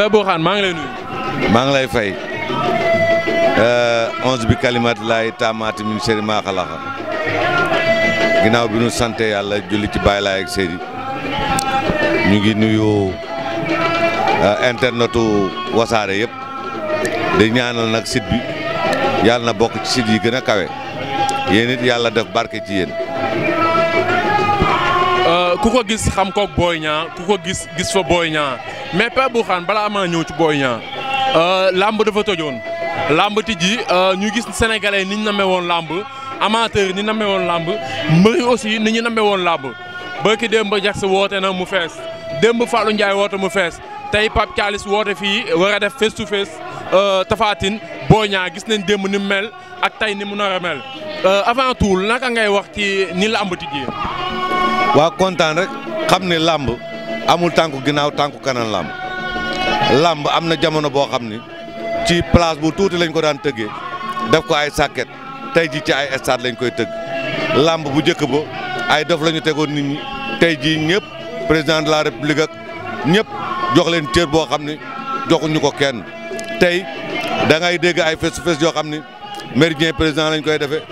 Baye maa ngi lay nuyu. maa ngi lay fay. Euh, onze bi kalimat lay taamaati mi seri maa xalaqa bi ñu sante yàlla julli ci Baay Laay ak Seydi ñu ngi nuyu euh, internetu wasaare yëpp di ñaanal nag site bi yàlla na bokk ci site yi gën a kawe yéen it yàlla def barke ci yéen ku ko gis xam ko Boy Niang ku ko gis gis fa Boy Niang mais Père balaa maa ñëw ci Boy Niang euh, làmb dafa tojoon làmb tijji euh, ñu gis sénégalais ni ñu namee woon làmb amateur ni namee woon làmb mbëri aussi ni ñu namee woon làmb bërki démb Jax woote na mu fees démb Fallou Ndiaye woote mu fees tey Pape Thialis woote fii war def face to tafaatin euh, Tapha Tine gis nañ démb ni mu mel ak tey ni mu nar a mel avant tout naka ngay wax ci ni làmb tijji waa kontaan rek xam ne làmb amul tànku ginnaaw tànku kanam làmb làmb am na jamono boo xam ni ci place bu tuuti lañ ko daan tëggee def ko ay sàkket tey jii ci ay stade lañ koy tëgg làmb bu njëkk bo ay def la ñu tegoon nit ñi tey jii ñëpp président de la république ak ñëpp jox leen cër boo xam ne joxuñu ko kenn tey da ngay dégg ay face to yoo xam ne méridien président lañ koy defee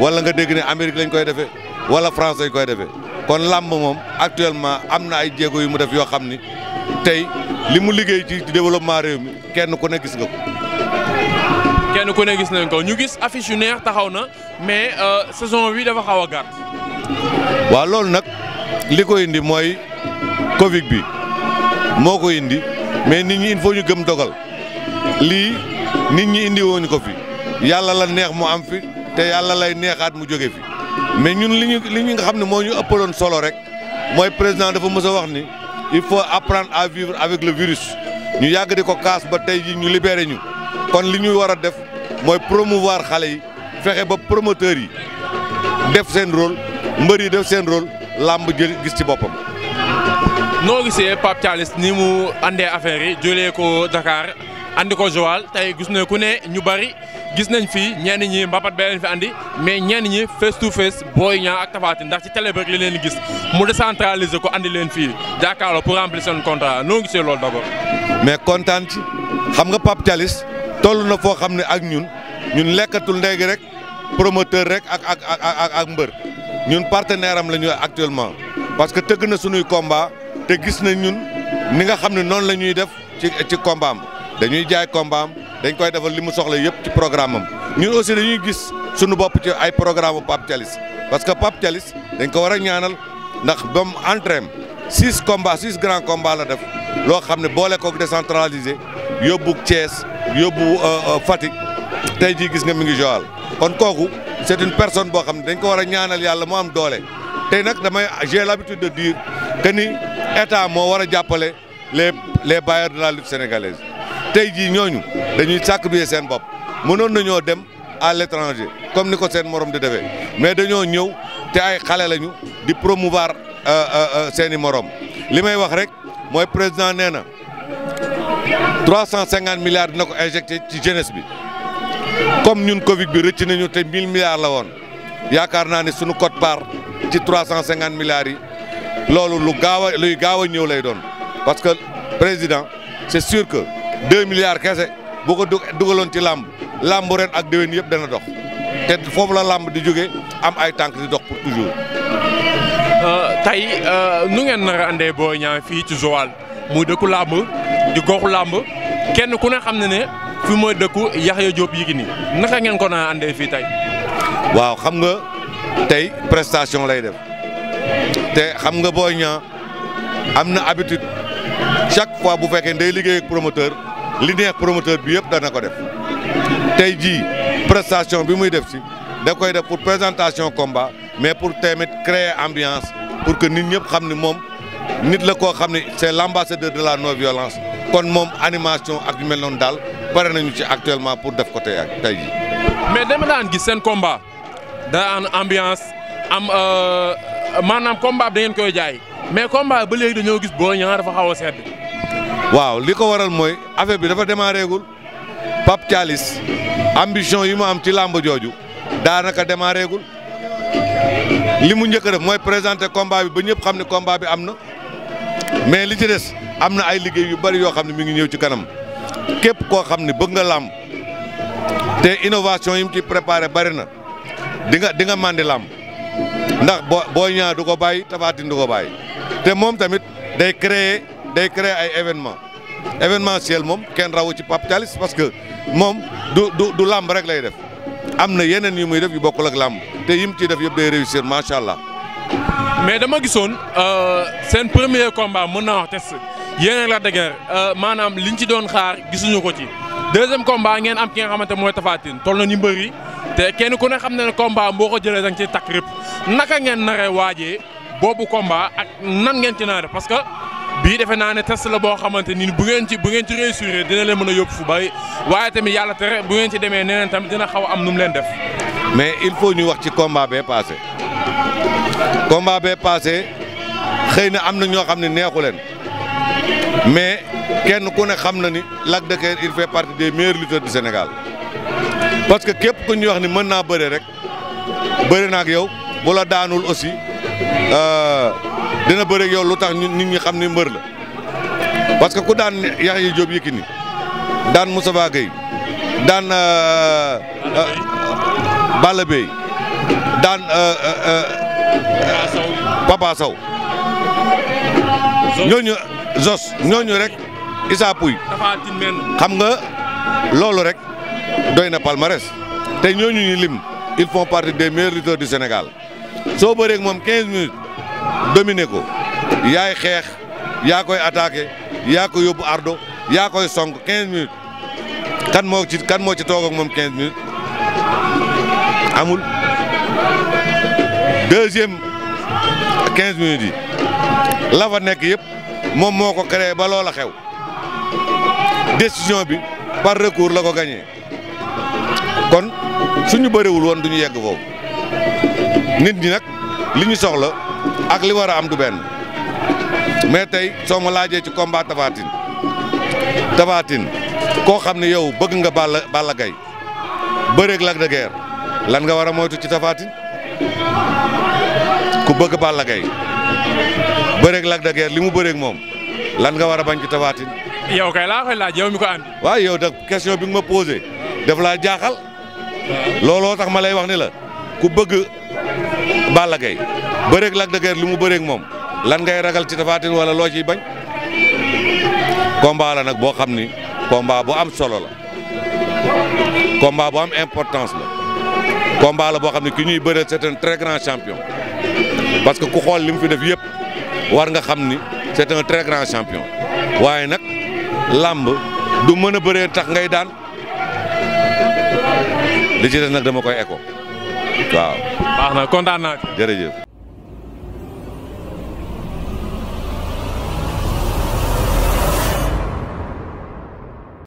wala nga dégg ne Amérique lañ koy defee wala France lañ koy defee kon làmb moom actuellement am na ay jéego yu mu def yoo xam ni tey li mu liggéey ci développement réew mi kenn ku ne gis nga ko. kenn ku ne gis nañ ko ñu gis affiche yu neex taxaw na mais euh, saison bi dafa xaw a gàtt. waaw loolu nag li ko indi mooy Covid bi moo ko indi mais nit ñi il ñu gëm dogal lii nit ñi indi woon ko fi yàlla la neex mu am fi te yàlla lay neexaat mu jóge fi. mais ñun li ñu li ñu nga xam ne moo ñu ëppaloon solo rek mooy président dafa mës a wax ni il faut apprendre à vivre avec le virus ñu yàgg di ko kaas ba tey ji ñu libéré ñu kon li ñu war a def mooy promouvoir xale yi fexe ba promoteur yi def seen rôle mbër yi def seen rôle làmb jël gis ci boppam. noo gisee Pape Thialis ni mu àndee affaire yi jëlee ko Dakar andi ko Joal tey gis ne ku ne ñu bari. gis nañ fi ñenn ñi mbapat bee leen fi àndi mais ñenn ñi face tu face Boy Niang ak Tapha ndax ci télé bi rek li leen gis mu décentraliser ko andi leen fii jàkkaarloo pour remplir seen contrat noo gisee loolu ko mais kontaan ci xam nga Pape calis tollu na foo xam ne ak ñun ñun lekkatul ndéegi rek promoteur rek ak ak ak ak mbër ñun partenaire am la ñu actuellement parce que tëgg na suñuy combat te gis nañ ñun ni nga xam ne noonu la ñuy def ci ci combat am dañuy jaay combat dañ koy defal li mu soxla yëpp ci programme am ñun aussi dañuy gis suñu bopp ci ay programme Pape Thialis parce que Pape Thialis dañ ko war a ñaanal ndax ba mu entraîne six combats six grands combats la def loo xam ne boole koog décentralisé yóbbu Thiès yóbbu euh, euh, Fatick tey jii gis nga mi ngi Joal kon kooku c'est une personne boo xam ne dañ ko war a ñaanal yàlla moo am doole tey nag damay j'ai l'habitude de dire que état moo war a jàppale les les bailleurs de la lutte tey jii ñooñu dañuy bi seen bopp mënoon nañoo dem à l'étranger comme ni ko seen moroom di defee mais dañoo ñëw te ay xale lañu di promouvoir euh, euh, euh, seen i li may wax rek mooy président nee na 350 milliards dina ko injecté ci jeunesse bi comme ñun Covid bi rëcc nañu te 1000 milliards la woon yaakaar naa ne suñu quote-part ci 350 milliards yi loolu lu gaaw a luy gaaw a ñëw lay doon parce que président c'est sûr que. deux milliards kese boo ko dugaloon ci làmb làmb ren ak déwén yëpp dana dox te foofu la làmb di jóge am ay tànk di dox pour toujours. Euh, tey euh, nu ngeen nar a andee Boy fii ci Joal muy dëkku làmb di goxu làmb kenn ku ne xam na ne fi mooy dëkku Yaxya Diop Yékini naka ngeen ko na àndee fii tey. waaw xam nga tey prestation lay def te xam nga Boy Niang am na habitude chaque fois bu fekkee day liggéey promoteur. li neex promoteur bi yëpp dana ko def tey jii prestation bi muy def si da koy def pour présentation combat mais pour tamit créer ambiance pour que nit ñëpp xam ni moom nit la koo xam ni c'est l'ambassadeur de la non violence kon moom animation ak yu daal bare nañu ci actuellement pour def ko tey ak tey jii. mais dama daan gis seen combat da am ambiance am euh, maanaam combat bi da ngeen koy jaay mais combat ba léegi dañoo gis boo ñaar dafa xaw a sedd. waaw li ko waral mooy affaire bi dafa démarré gul Pape Thialis ambition yi mu am ci làmb jooju daanaka démarré gul li mu njëkk a def mooy présenter combat bi ba ñëpp xam ne combat bi am na mais li ci des am na ay liggéey yu bari yoo xam ne mu ngi ñëw ci kanam képp koo xam ne bëgg nga làmb te innovation yi mu ci préparé bari na di nga di nga màndi làmb ndax boo booy ñaa du ko bàyyi Tapha Tine du ko bàyyi te moom tamit day créer. day créer ay événement événementiel moom kenn raw ci Pape Thialis parce que moom du du lamb làmb rek lay def am na yeneen yu muy def yu bokkul ak lamb te yim ciy def yëpp day réussir macha allah. mais dama gisoon euh, seen premier combat mën na wax te yéen ak Lac de Guiers euh, maanaam liñ ci doon xaar gisuñu ko ci deuxième combat ngeen am ki xamante mooy Tapha Tine toll na ñu mbëri te kenn ku ne xam na ne combat boo ko jëlee da nga ciy takk rëpp naka ngeen naree waajee boobu combat ak bii defe naa ne test la boo xamante ni bu ngeen ci bu ngeen ci réussir dina leen mën a yóbbu fu bari waaye tamit yàlla tere bu ngeen ci demee neneen tamit dina xaw am nu leen def. mais il faut ñu wax ci combat bee passé combat bee passé xëy na am na ñoo xam ne neexu leen mais kenn ku ne xam na ni Lac de Guiers il fait partie des meilleurs lutteurs du Sénégal parce que képp ku ñuy wax ni mën naa bëre rek bëre na ak yow bu la daanul aussi. Euh, dina bëreeg yow lu tax nit ñi xam ne mbër la parce que ku daan Yaxya Jóob Yékini daan Moustapha Gueye daan euh, euh, Balla Beye daan Papa Sow ñooñu Zos ñooñu rek Issa Pouye xam nga loolu rek doy na palmarès te ñooñu ñu lim ils font partie des meilleurs du Sénégal soo bëreeg moom 15 minutes dominé ko yaay xeex yaa koy attaqué yaa ko yóbbu ardo yaa koy song 15 minutes kan moo ci kan moo ci toog ak moom 15 minutes amul deuxième 15 minutes yi lafa nekk yëpp moom moo ko créé ba loola xew décision bi par recours la ko gagné kon suñu bëriwul woon duñu yegg foofu. nit ñi nag li ñu soxla ak li war a am du benn mais tey soo ma laajee ci combat Tapha Tine koo xam ne yow bëgg nga Balla Balla Gaye bëreeg Lac de lan nga war a moytu ci Tapha ku bëgg Balla Gaye bëreeg Lac de Guiers li mu bëreek moom lan nga war a bañ ci Tapha Tine. yow kay laa koy laaj yow mi ko andi. waaw yow da question bi nga ma posé daf laa jaaxal. looloo tax ma lay wax ni la ku bëgg Balla Gaye bëreeg Lac de Guiers lu mu bëreeg moom lan ngay ragal ci Tapha Tine wala loo ciy bañ combat la nag boo xam ni combat boo am solo la combat boo am importance la combat la boo xam ne ki ñuy bëreel c'est un très grand champion parce que ku xool li mu fi def yëpp war nga xam ni c'est un très grand champion waaye nag làmb du mën a bëree tax ngay daan li ci nag dama koy écho waaw. baax na kontaan jërëjëf.